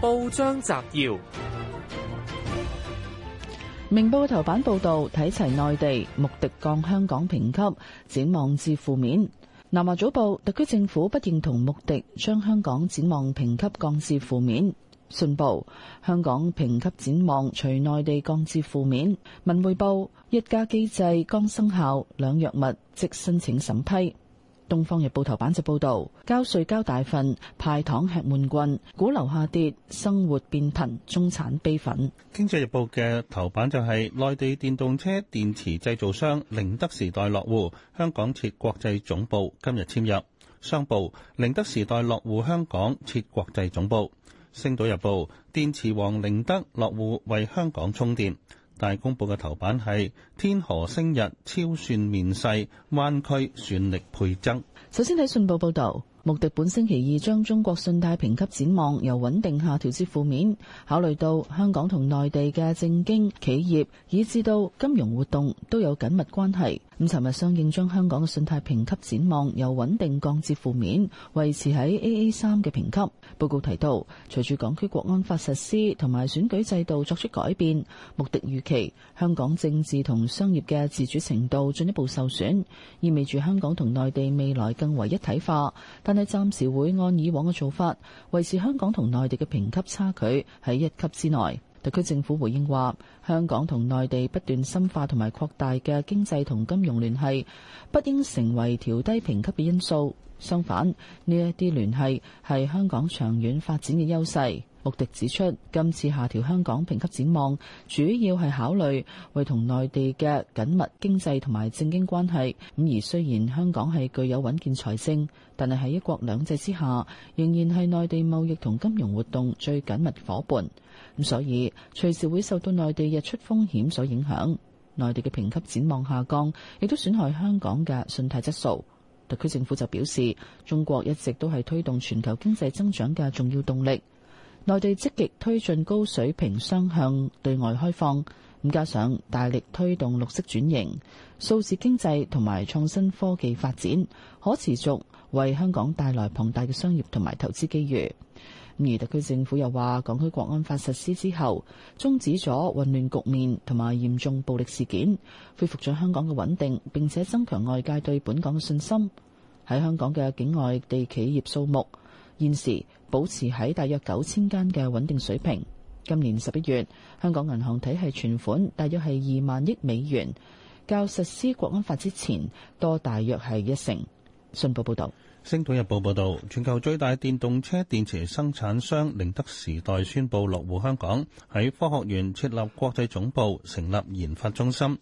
報章摘要：明報頭版報道，睇齊內地穆迪降香港評級展望至負面。南華早報：特區政府不認同穆迪將香港展望評級降至負面。信報：香港評級展望隨內地降至負面。文匯報：一加機制剛生效，兩藥物即申請審批。《東方日報》頭版就報道：交稅交大份，派糖吃悶棍，股樓下跌，生活變貧，中產悲憤。《經濟日報》嘅頭版就係內地電動車電池製造商寧德時代落戶香港設國際總部，今日簽約。商報：寧德時代落戶香港設國際總部。《星島日報》：電池王寧德落戶為香港充電。大公報嘅頭版係天河升日超算面世，灣區算力倍增。首先睇信報報道，穆迪本星期二將中國信貸評級展望由穩定下調至負面，考慮到香港同內地嘅政經企業以至到金融活動都有緊密關係。咁，尋日相應將香港嘅信貸評級展望由穩定降至負面，維持喺 AA 三嘅評級。報告提到，隨住港區國安法實施同埋選舉制度作出改變，穆迪預期香港政治同商業嘅自主程度進一步受損，意味住香港同內地未來更為一體化。但係暫時會按以往嘅做法，維持香港同內地嘅評級差距喺一級之內。特區政府回應話，香港同內地不斷深化同埋擴大嘅經濟同金融聯繫，不應成為調低評級嘅因素。相反，呢一啲聯繫係香港長遠發展嘅優勢。穆迪指出，今次下調香港評級展望，主要係考慮為同內地嘅緊密經濟同埋政經關係。咁而雖然香港係具有穩健財政，但係喺一國兩制之下，仍然係內地貿易同金融活動最緊密夥伴。咁所以隨時會受到內地日出風險所影響。內地嘅評級展望下降，亦都損害香港嘅信貸質素。特區政府就表示，中國一直都係推動全球經濟增長嘅重要動力。內地積極推進高水平雙向對外開放，加上大力推動綠色轉型、數字經濟同埋創新科技發展，可持續為香港帶來龐大嘅商業同埋投資機遇。而特區政府又話，港區國安法實施之後，終止咗混亂局面同埋嚴重暴力事件，恢復咗香港嘅穩定，並且增強外界對本港嘅信心。喺香港嘅境外地企業數目，現時，保持喺大約九千間嘅穩定水平。今年十一月，香港銀行體系存款大約係二萬億美元，較實施國安法之前多大約係一成。信報報道。星島日報報道，全球最大電動車電池生產商寧德時代宣佈落戶香港，喺科學園設立國際總部，成立研發中心。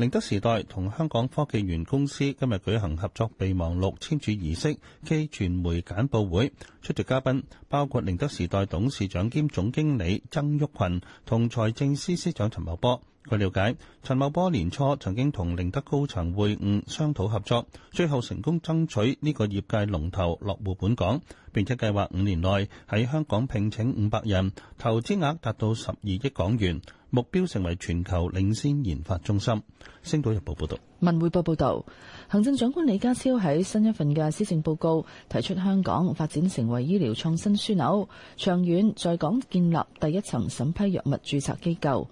寧德時代同香港科技園公司今日舉行合作備忘錄簽署儀式暨傳媒簡報會，出席嘉賓包括寧德時代董事長兼總經理曾毓群同財政司司長陳茂波。據了解，陳茂波年初曾經同寧德高層會晤商討合作，最後成功爭取呢個業界龍頭落戶本港，並且計劃五年內喺香港聘請五百人，投資額達到十二億港元。目標成為全球領先研發中心。星島日報報道。文匯報報道，行政長官李家超喺新一份嘅施政報告提出，香港發展成為醫療創新樞紐，長遠在港建立第一層審批藥物注冊機構。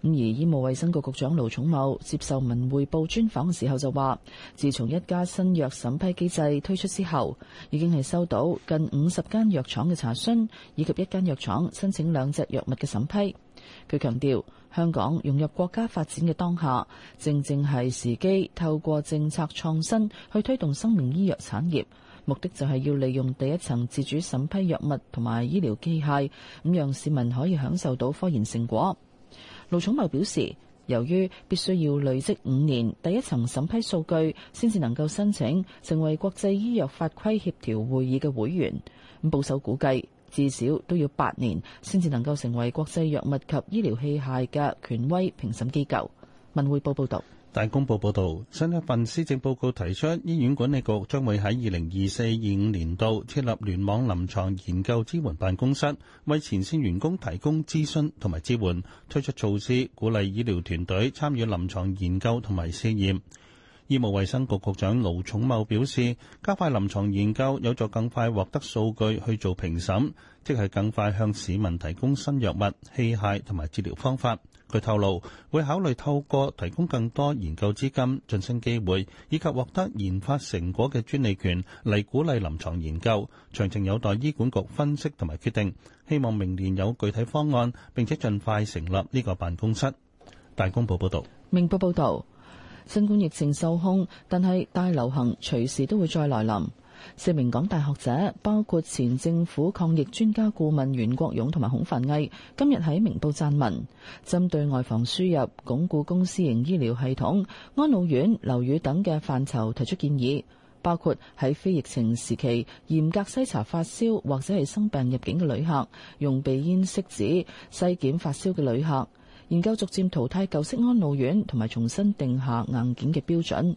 咁而醫務衛生局局長盧寵茂接受《文匯報》專訪嘅時候就話，自從一家新藥審批機制推出之後，已經係收到近五十間藥廠嘅查詢，以及一間藥廠申請兩隻藥物嘅審批。佢強調，香港融入國家發展嘅當下，正正係時機，透過政策創新去推動生命醫藥產業，目的就係要利用第一層自主審批藥物同埋醫療機械，咁讓市民可以享受到科研成果。盧寵茂表示，由於必須要累積五年第一層審批數據，先至能夠申請成為國際醫藥法規協調會議嘅會員。咁保守估計，至少都要八年，先至能夠成為國際藥物及醫療器械嘅權威評審機構。文匯報報導。大公報報導，新一份施政報告提出，醫院管理局將會喺二零二四二五年度設立聯網臨床研究支援辦公室，為前線員工提供諮詢同埋支援，推出措施鼓勵醫療團隊參與臨床研究同埋試驗。醫務衛生局局長盧寵茂表示，加快臨床研究有助更快獲得數據去做評審，即係更快向市民提供新藥物、器械同埋治療方法。佢透露會考慮透過提供更多研究資金、晉升機會以及獲得研發成果嘅專利權嚟鼓勵臨床研究。詳情有待醫管局分析同埋決定。希望明年有具體方案，並且盡快成立呢個辦公室。大公報報道，明報報道。新冠疫情受控，但係大流行隨時都會再來臨。四名港大學者，包括前政府抗疫專家顧問袁國勇同埋孔繁毅，今日喺《明報》撰文，針對外防輸入、鞏固公私營醫療系統、安老院、樓宇等嘅範疇提出建議，包括喺非疫情時期嚴格篩查發燒或者係生病入境嘅旅客，用鼻咽拭子篩檢發燒嘅旅客。研究逐漸淘汰舊式安老院，同埋重新定下硬件嘅標準。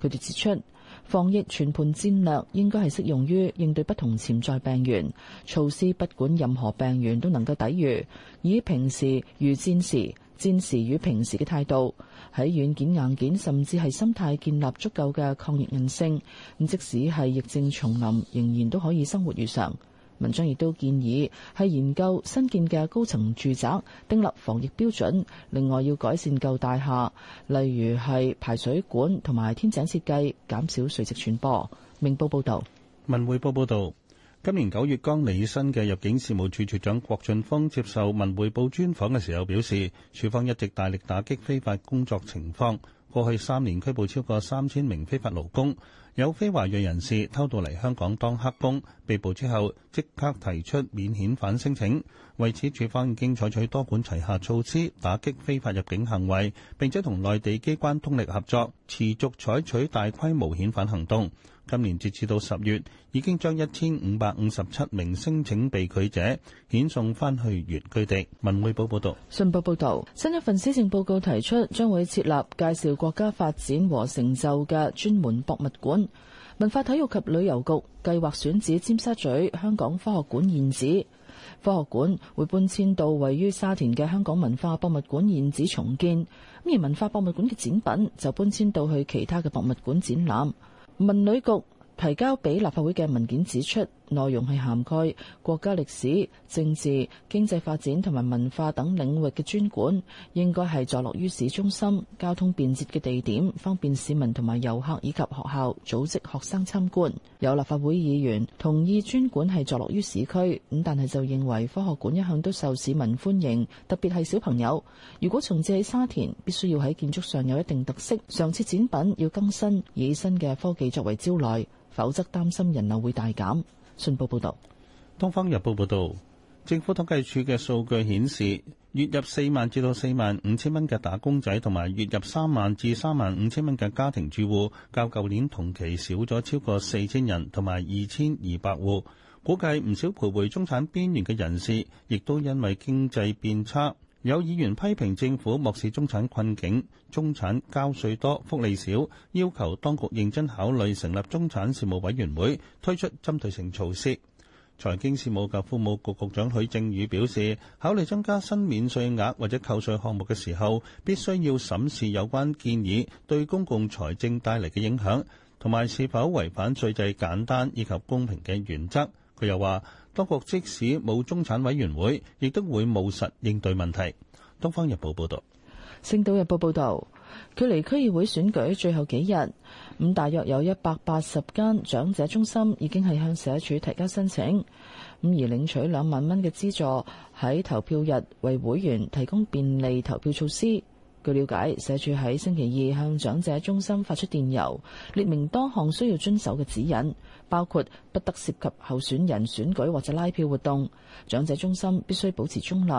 佢哋指出，防疫全盤戰略應該係適用於應對不同潛在病原，措施不管任何病原都能夠抵禦。以平時如戰時、戰時與平時嘅態度，喺軟件、硬件甚至係心態建立足夠嘅抗疫韌性，咁即使係疫症重臨，仍然都可以生活如常。文章亦都建議係研究新建嘅高層住宅，訂立防疫標準；另外要改善舊大廈，例如係排水管同埋天井設計，減少垂直傳播。明報報道。文匯報報道，今年九月剛離任嘅入境事務處處長郭俊峰接受文匯報專訪嘅時候表示，處方一直大力打擊非法工作情況，過去三年拘捕超過三千名非法勞工。有非華裔人士偷渡嚟香港當黑工，被捕之後即刻提出免遣返申請。為此，處方已經採取多管齊下措施，打擊非法入境行為，並且同內地機關通力合作，持續採取大規模遣返行動。今年截至到十月，已經將一千五百五十七名申請被拒者遣送翻去原居地。文匯報報道。信報報道，新一份施政報告提出，將會設立介紹國家發展和成就嘅專門博物館。文化體育及旅遊局計劃選址尖沙咀香港科學館現址。科學館會搬遷到位於沙田嘅香港文化博物館現址重建，而文化博物館嘅展品就搬遷到去其他嘅博物館展覽。文旅局提交俾立法會嘅文件指出，內容係涵蓋國家歷史、政治、經濟發展同埋文化等領域嘅專館，應該係座落於市中心、交通便捷嘅地點，方便市民同埋遊客以及學校組織學生參觀。有立法會議員同意專館係座落於市區，咁但係就認為科學館一向都受市民歡迎，特別係小朋友。如果重置喺沙田，必須要喺建築上有一定特色，上次展品要更新，以新嘅科技作為招來，否則擔心人流會大減。信報報導，《東方日報》報導，政府統計處嘅數據顯示，月入四萬至到四萬五千蚊嘅打工仔同埋月入三萬至三萬五千蚊嘅家庭住戶，較舊年同期少咗超過四千人同埋二千二百戶，估計唔少徘徊中產邊緣嘅人士，亦都因為經濟變差。有議員批評政府漠視中產困境，中產交稅多，福利少，要求當局認真考慮成立中產事務委員會，推出針對性措施。財經事務及庫務局局長許正宇表示，考慮增加新免稅額或者扣稅項目嘅時候，必須要審視有關建議對公共財政帶嚟嘅影響，同埋是否違反稅制簡單以及公平嘅原則。佢又話：當局即使冇中產委員會，亦都會務實應對問題。《東方日報》報道，《星島日報》報道，距離區議會選舉最後幾日，咁大約有一百八十間長者中心已經係向社署提交申請，咁而領取兩萬蚊嘅資助，喺投票日為會員提供便利投票措施。據了解，社署喺星期二向長者中心發出電郵，列明多項需要遵守嘅指引。包括不得涉及候選人選舉或者拉票活動，長者中心必須保持中立，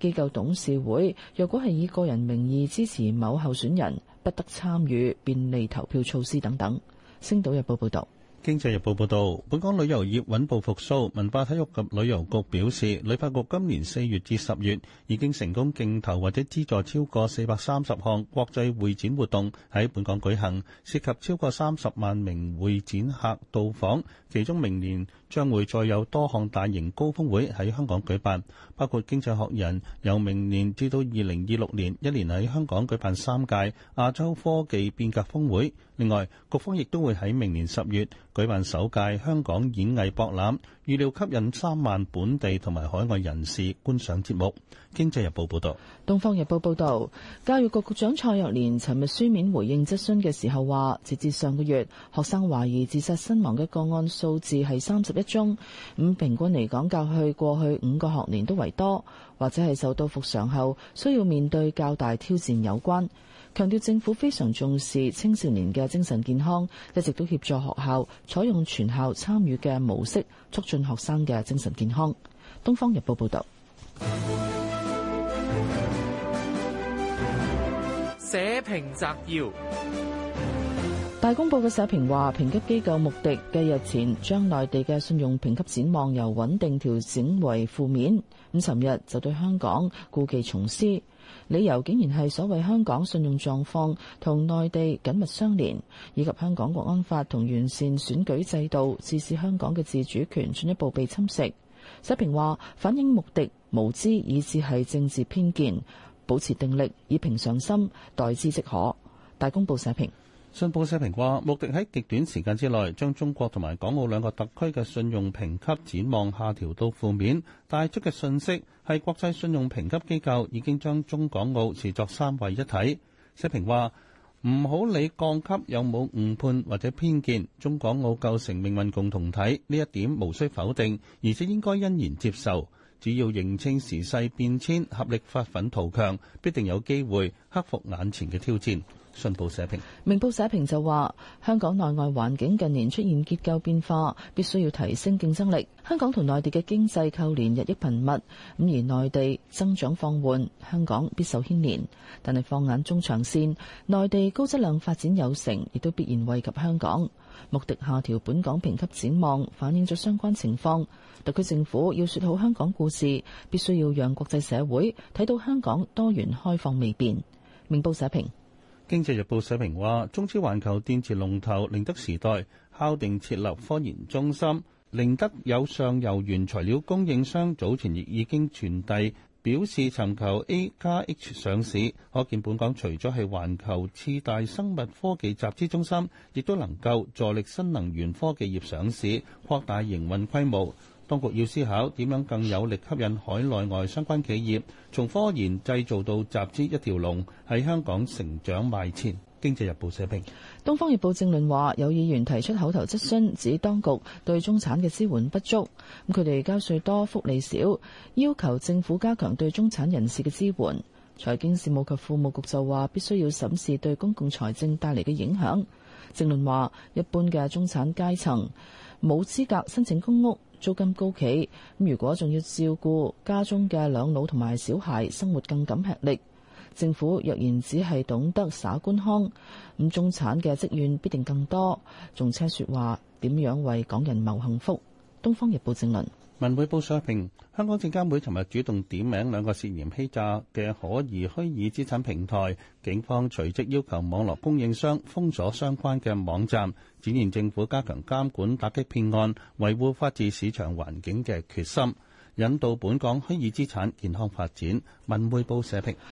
機構董事會若果係以個人名義支持某候選人，不得參與便利投票措施等等。星島日報報道。經濟日報報導，本港旅遊業穩步復甦。文化體育及旅遊局表示，旅發局今年四月至十月已經成功競投或者資助超過四百三十項國際會展活動喺本港舉行，涉及超過三十萬名會展客到訪。其中明年將會再有多項大型高峰會喺香港舉辦，包括經濟學人由明年至到二零二六年，一年喺香港舉辦三屆亞洲科技變革峰會。另外，局方亦都會喺明年十月舉辦首屆香港演藝博覽，預料吸引三萬本地同埋海外人士觀賞節目。經濟日報報道。東方日報報道，教育局局長蔡若蓮尋日書面回應質詢嘅時候話，截至上個月，學生懷疑自殺身亡嘅個案數字係三十一。中，咁平均嚟講較去過去五個學年都為多，或者係受到復常後需要面對較大挑戰有關。強調政府非常重視青少年嘅精神健康，一直都協助學校採用全校參與嘅模式，促進學生嘅精神健康。東方日報報道。社評摘要。大公報嘅社評話，評級機構穆迪繼日前將內地嘅信用評級展望由穩定調整為負面，咁尋日就對香港故技重施，理由竟然係所謂香港信用狀況同內地緊密相連，以及香港國安法同完善選舉制度致使香港嘅自主權進一步被侵蝕。社評話反映穆迪無知，以至係政治偏見，保持定力，以平常心待之即可。大公報社評。信報社評話，目的喺極短時間之內將中國同埋港澳兩個特區嘅信用評級展望下調到負面，帶出嘅信息係國際信用評級機構已經將中港澳視作三位一體。社評話，唔好理降級有冇誤判或者偏見，中港澳構成命運共同體，呢一點無需否定，而且應該欣然接受。只要認清時勢變遷，合力發奮圖強，必定有機會克服眼前嘅挑戰。信報社評，明報社評就話：香港內外環境近年出現結構變化，必須要提升競爭力。香港同內地嘅經濟扣連日益頻密，咁而內地增長放緩，香港必受牽連。但係放眼中長線，內地高質量發展有成，亦都必然惠及香港。穆迪下調本港評級展望，反映咗相關情況。特區政府要説好香港故事，必須要讓國際社會睇到香港多元開放未變。明報社評。經濟日報社評話，中資環球電池龍頭寧德時代敲定設立科研中心。寧德有上游原材料供應商，早前亦已經傳遞表示尋求 A 加 H 上市，可見本港除咗係環球次大生物科技集資中心，亦都能夠助力新能源科技業上市，擴大營運規模。當局要思考點樣更有力吸引海內外相關企業，從科研製造到集資一條龍喺香港成長賣錢。經濟日報社評。東方日報正論話，有議員提出口頭質詢，指當局對中產嘅支援不足，咁佢哋交稅多，福利少，要求政府加強對中產人士嘅支援。財經事務及庫務局就話必須要審視對公共財政帶嚟嘅影響。正論話，一般嘅中產階層冇資格申請公屋。租金高企如果仲要照顧家中嘅兩老同埋小孩，生活更感吃力。政府若然只係懂得耍官腔，咁中產嘅積怨必定更多。仲奢說話點樣為港人謀幸福？東方日報正論。文匯報社評：香港證監會尋日主動點名兩個涉嫌欺詐嘅可疑虛擬資產平台，警方隨即要求網絡供應商封鎖相關嘅網站，展現政府加強監管、打擊騙案、維護法治市場環境嘅決心，引導本港虛擬資產健康發展。文匯報社評。